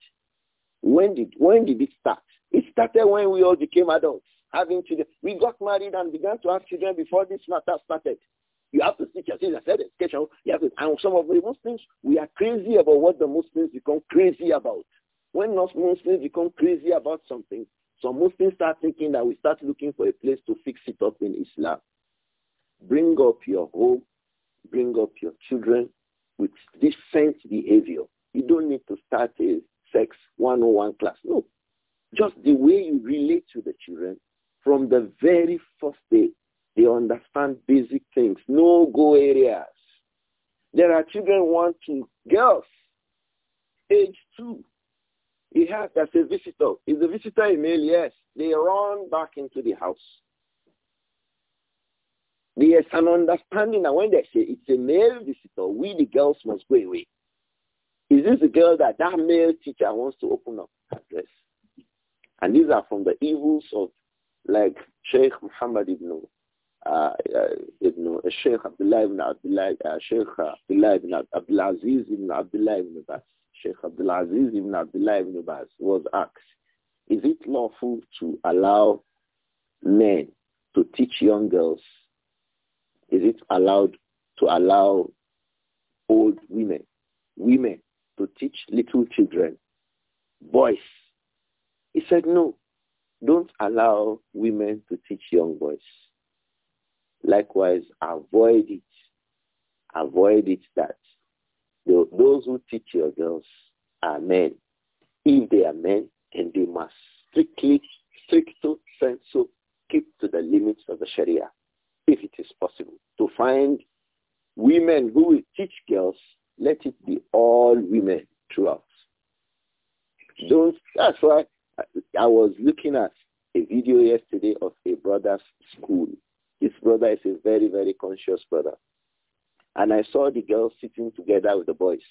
When did, when did it start? It started when we all became adults, having children. We got married and began to have children before this matter started. You have to teach your children sex education. You have to, and some of the Muslims, we are crazy about what the Muslims become crazy about. When Muslims become crazy about something, some Muslims start thinking that we start looking for a place to fix it up in Islam. Bring up your home, bring up your children with decent behavior. You don't need to start a sex 101 class. No. Just the way you relate to the children from the very first day, they understand basic things, no go areas. There are children wanting girls, age two, he has, that's a visitor. Is the visitor a male? Yes. They run back into the house. There's an understanding that when they say it's a male visitor, we the girls must go away. Is this the girl that that male teacher wants to open up her dress? And these are from the evils of like Sheikh Muhammad ibn uh, uh, ibn uh, Sheikh Abdullah ibn Abdullah uh, Sheikh Abdullah ibn Abdulaziz ibn Abdullah ibn Abbas Sheikh Abdul Aziz ibn Abdullah ibn Abbas was asked, is it lawful to allow men to teach young girls? Is it allowed to allow old women, women to teach little children, boys? He said, no, don't allow women to teach young boys. Likewise, avoid it. Avoid it that those who teach your girls are men. If they are men, then they must strictly, stricto sensu, keep to the limits of the Sharia, if it is possible. To find women who will teach girls, let it be all women throughout. Don't, that's why I, I was looking at a video yesterday of a brother's school. This brother is a very, very conscious brother. And I saw the girls sitting together with the boys.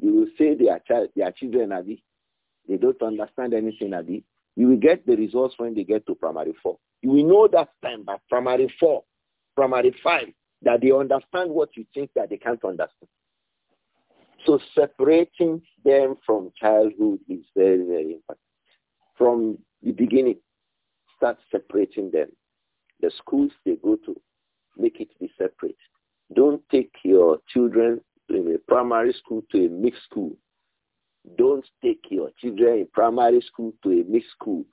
You will say they are, child, they are children, Abi. They don't understand anything, Abi. You will get the results when they get to primary four. You will know that time by primary four, primary five, that they understand what you think that they can't understand. So separating them from childhood is very, very important. From the beginning, start separating them. The schools they go to, make it be separate. Don't take your children in a primary school to a mixed school. Don't take your children in primary school to a mixed school.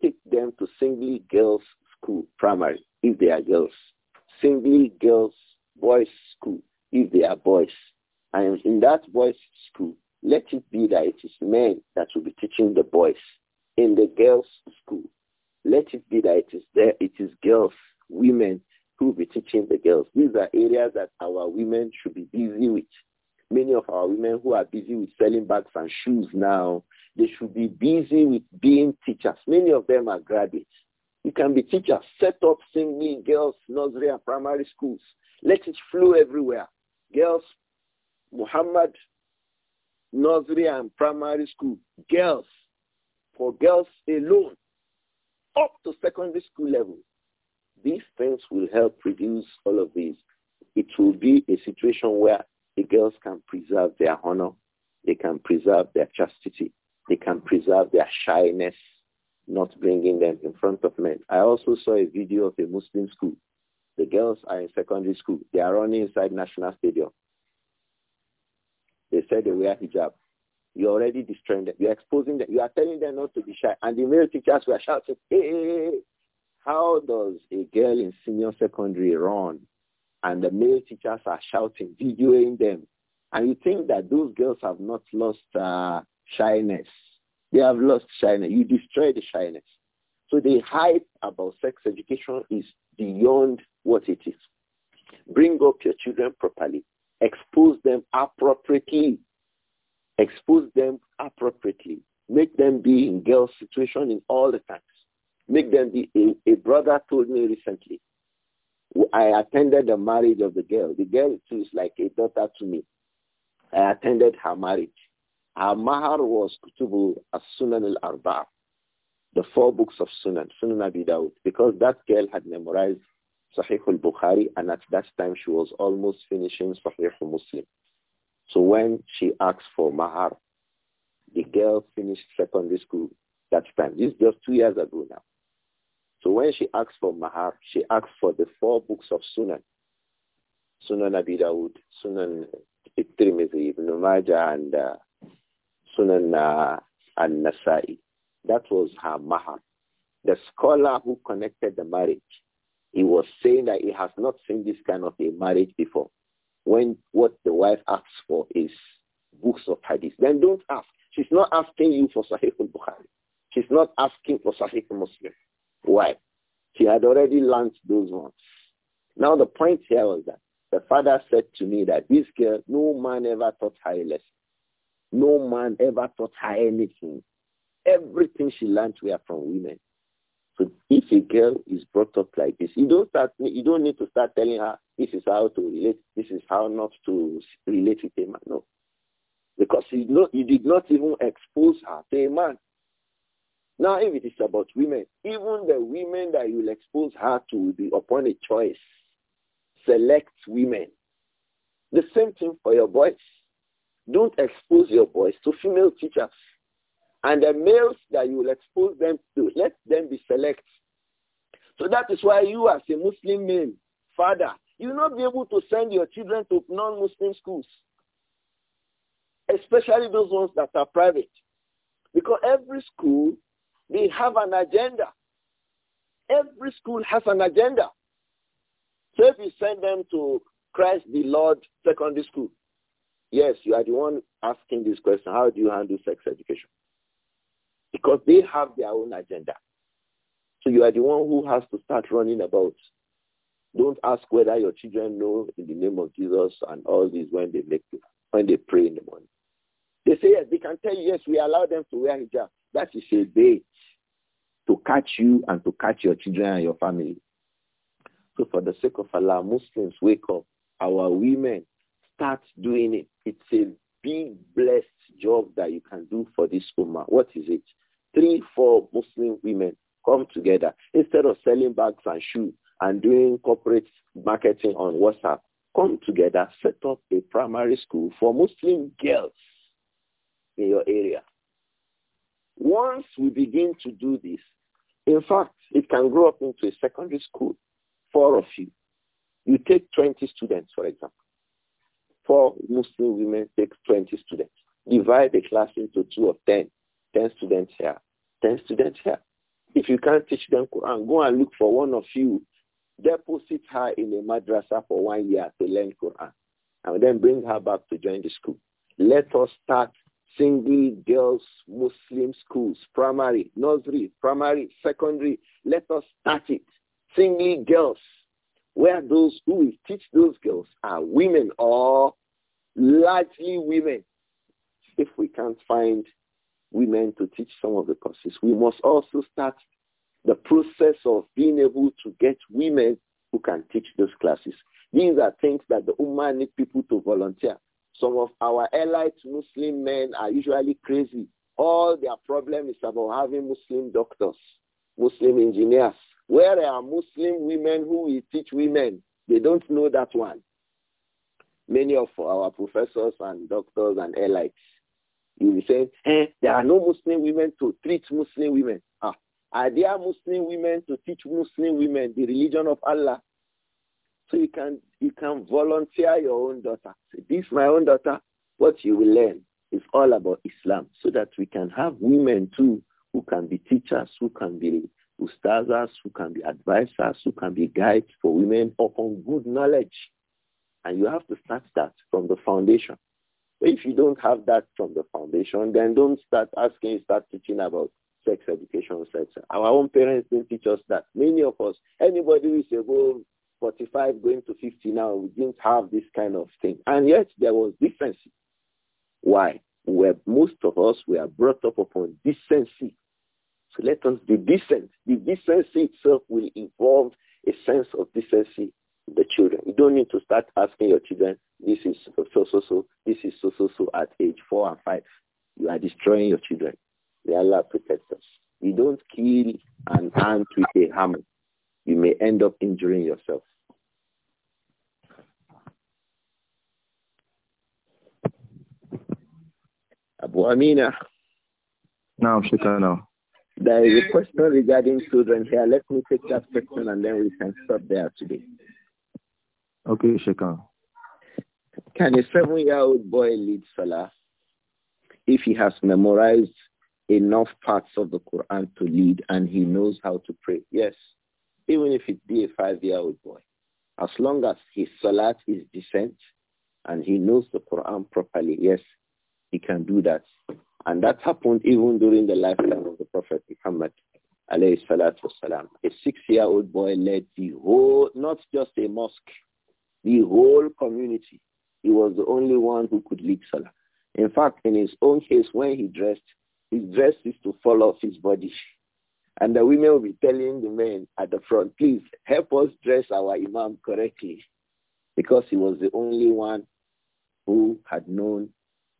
Take them to singly girls school, primary, if they are girls. Singly girls boys school, if they are boys. And in that boys school, let it be that it is men that will be teaching the boys. In the girls school, let it be that it is there, it is girls, women who will be teaching the girls. These are areas that our women should be busy with. Many of our women who are busy with selling bags and shoes now, they should be busy with being teachers. Many of them are graduates. You can be teachers. Set up singing girls, nursery and primary schools. Let it flow everywhere. Girls, Muhammad, nursery and primary school. Girls, for girls alone, up to secondary school level. These things will help reduce all of these. It will be a situation where the girls can preserve their honor, they can preserve their chastity, they can preserve their shyness, not bringing them in front of men. I also saw a video of a Muslim school. The girls are in secondary school. They are running inside National Stadium. They said they wear hijab. You're already destroying them. You're exposing them. You are telling them not to be shy. And the male teachers were shouting, hey, hey, hey. How does a girl in senior secondary run and the male teachers are shouting, videoing them? And you think that those girls have not lost uh, shyness. They have lost shyness. You destroy the shyness. So the hype about sex education is beyond what it is. Bring up your children properly. Expose them appropriately. Expose them appropriately. Make them be in girls' situation in all the time. Make them be. A, a brother told me recently, I attended the marriage of the girl. The girl too is like a daughter to me. I attended her marriage. Her mahar was Kutubu as-Sunan al-Arba, the four books of Sunan, Sunan Abi because that girl had memorized Sahih al-Bukhari, and at that time she was almost finishing Sahih muslim So when she asked for mahar, the girl finished secondary school that time. This is just two years ago now. So when she asks for mahar, she asks for the four books of Sunan. Sunan Abi Dawud, Sunan Tirmidhi, Ibn Majah, and uh, Sunan uh, al-Nasai. That was her mahar. The scholar who connected the marriage, he was saying that he has not seen this kind of a marriage before. When what the wife asks for is books of hadith, then don't ask. She's not asking you for Sahih al-Bukhari. She's not asking for Sahih muslim why? She had already launched those ones. Now the point here was that the father said to me that this girl, no man ever taught her a lesson. No man ever taught her anything. Everything she learned were from women. So if a girl is brought up like this, you don't start, you don't need to start telling her this is how to relate, this is how not to relate with a man. No, because you know you did not even expose her to a man. Now, if it is about women, even the women that you'll expose her to will be upon a choice. Select women. The same thing for your boys. Don't expose your boys to female teachers. And the males that you will expose them to, let them be select. So that is why you as a Muslim man, father, you'll not be able to send your children to non-Muslim schools, especially those ones that are private. Because every school they have an agenda. Every school has an agenda. So if you send them to Christ the Lord Secondary School, yes, you are the one asking this question. How do you handle sex education? Because they have their own agenda. So you are the one who has to start running about. Don't ask whether your children know in the name of Jesus and all these when they make when they pray in the morning. They say yes, they can tell you yes, we allow them to wear hijab. That is a bait to catch you and to catch your children and your family. So for the sake of Allah, Muslims, wake up. Our women, start doing it. It's a big blessed job that you can do for this ummah. What is it? Three, four Muslim women come together. Instead of selling bags and shoes and doing corporate marketing on WhatsApp, come together, set up a primary school for Muslim girls in your area. Once we begin to do this, in fact, it can grow up into a secondary school, four of you. You take 20 students, for example. Four Muslim women take 20 students. Divide the class into two of 10. 10 students here, 10 students here. If you can't teach them Quran, go and look for one of you. Deposit her in a madrasa for one year to learn Quran. And then bring her back to join the school. Let us start single girls Muslim schools, primary, nursery, primary, secondary. Let us start it. Single girls, where those who will teach those girls are women or largely women. If we can't find women to teach some of the courses, we must also start the process of being able to get women who can teach those classes. These are things that the Ummah need people to volunteer. Some of our allied Muslim men are usually crazy. All their problem is about having Muslim doctors, Muslim engineers. Where there are Muslim women who will teach women, they don't know that one. Many of our professors and doctors and allies, you will say, eh, there are no Muslim women to treat Muslim women. Ah, are there Muslim women to teach Muslim women the religion of Allah? So you can you can volunteer your own daughter. Say, this is my own daughter. What you will learn is all about Islam, so that we can have women too who can be teachers, who can be ustazas, who can be advisors, who can be guides for women upon good knowledge. And you have to start that from the foundation. But if you don't have that from the foundation, then don't start asking, start teaching about sex education, sex. Our own parents didn't teach us that. Many of us, anybody who is a whole 45 going to 50 now, we didn't have this kind of thing. And yet there was decency. Why? Where most of us were brought up upon decency. So let us be decent. The decency itself will involve a sense of decency in the children. You don't need to start asking your children, this is so, so, so, this is so, so, so at age four and five. You are destroying your children. They are law protectors. You don't kill an ant with a hammer you may end up injuring yourself. Abu Amina. Now, Now There is a question regarding children here. Let me take that question and then we can stop there today. Okay, Shikano. Can a seven-year-old boy lead Salah if he has memorized enough parts of the Quran to lead and he knows how to pray? Yes even if it be a five-year-old boy. As long as his salat is decent and he knows the Quran properly, yes, he can do that. And that happened even during the lifetime of the Prophet Muhammad alayhi salatu wasalam. A six-year-old boy led the whole, not just a mosque, the whole community. He was the only one who could lead Salah. In fact, in his own case, when he dressed, his dress is to fall off his body. And the women will be telling the men at the front, please help us dress our imam correctly. Because he was the only one who had known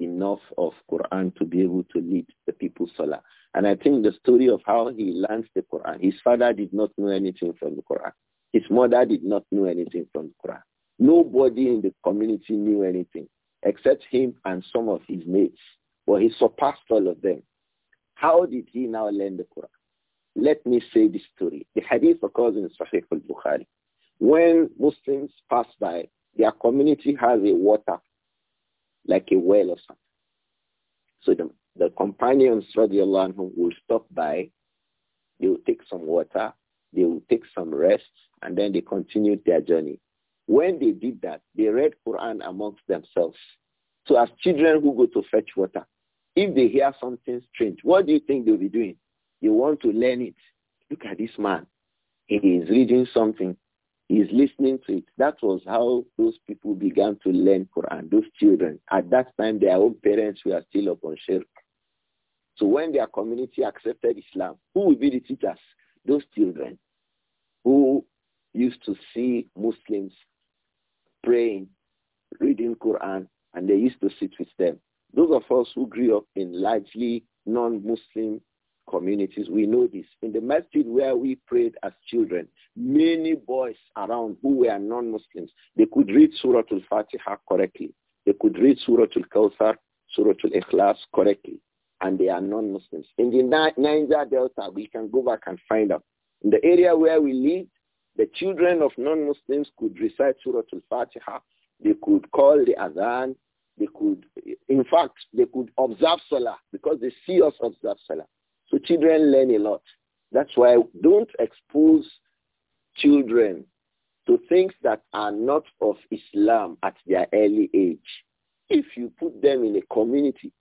enough of Quran to be able to lead the people Salah. And I think the story of how he learned the Quran, his father did not know anything from the Quran. His mother did not know anything from the Quran. Nobody in the community knew anything except him and some of his mates. But he surpassed all of them. How did he now learn the Quran? Let me say this story. The hadith occurs in Sahih al-Bukhari. When Muslims pass by, their community has a water, like a well or something. So the, the companions, radiallahu anhum, will stop by. They will take some water. They will take some rest. And then they continue their journey. When they did that, they read Quran amongst themselves. So as children who go to fetch water, if they hear something strange, what do you think they'll be doing? You want to learn it. Look at this man. He is reading something. He is listening to it. That was how those people began to learn Quran, those children. At that time, their own parents were still upon shirk. So when their community accepted Islam, who will be the teachers? Those children who used to see Muslims praying, reading Quran, and they used to sit with them. Those of us who grew up in largely non-Muslim communities. We know this. In the masjid where we prayed as children, many boys around who were non-Muslims, they could read Surah Al-Fatiha correctly. They could read Surah Al-Kawthar, Surah Al-Ikhlas correctly. And they are non-Muslims. In the Niger Delta, we can go back and find out. In the area where we live, the children of non-Muslims could recite Surah Al-Fatiha. They could call the Adhan. They could, in fact, they could observe Salah because they see us observe Salah. So children learn a lot. That's why don't expose children to things that are not of Islam at their early age. If you put them in a community,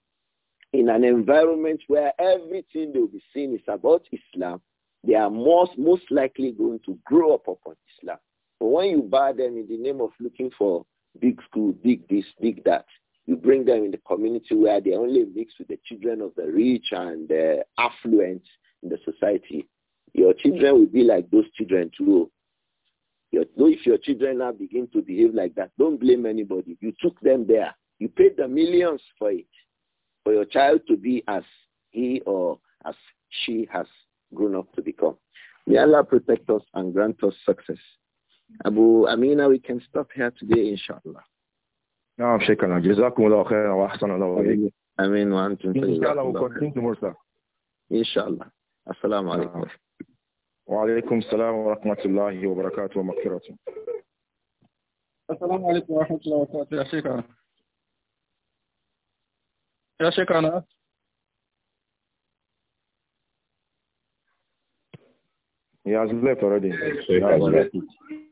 in an environment where everything they'll be seeing is about Islam, they are most, most likely going to grow up upon Islam. But when you bar them in the name of looking for big school, big this, big that, you bring them in the community where they only mix with the children of the rich and the affluent in the society. Your children will be like those children too. Your, if your children now begin to behave like that, don't blame anybody. You took them there. You paid the millions for it, for your child to be as he or as she has grown up to become. May Allah protect us and grant us success. Abu Amina, we can stop here today, inshallah. نعم شكرا جزاكم الله خيرا وأحسن الله إليكم أمين وأنتم إن شاء الله وكنتم مرسل إن شاء الله السلام نعم. عليكم وعليكم السلام ورحمة الله وبركاته ومغفرته السلام عليكم ورحمة الله وبركاته يا شيخ يا شيخ انا يا left already. He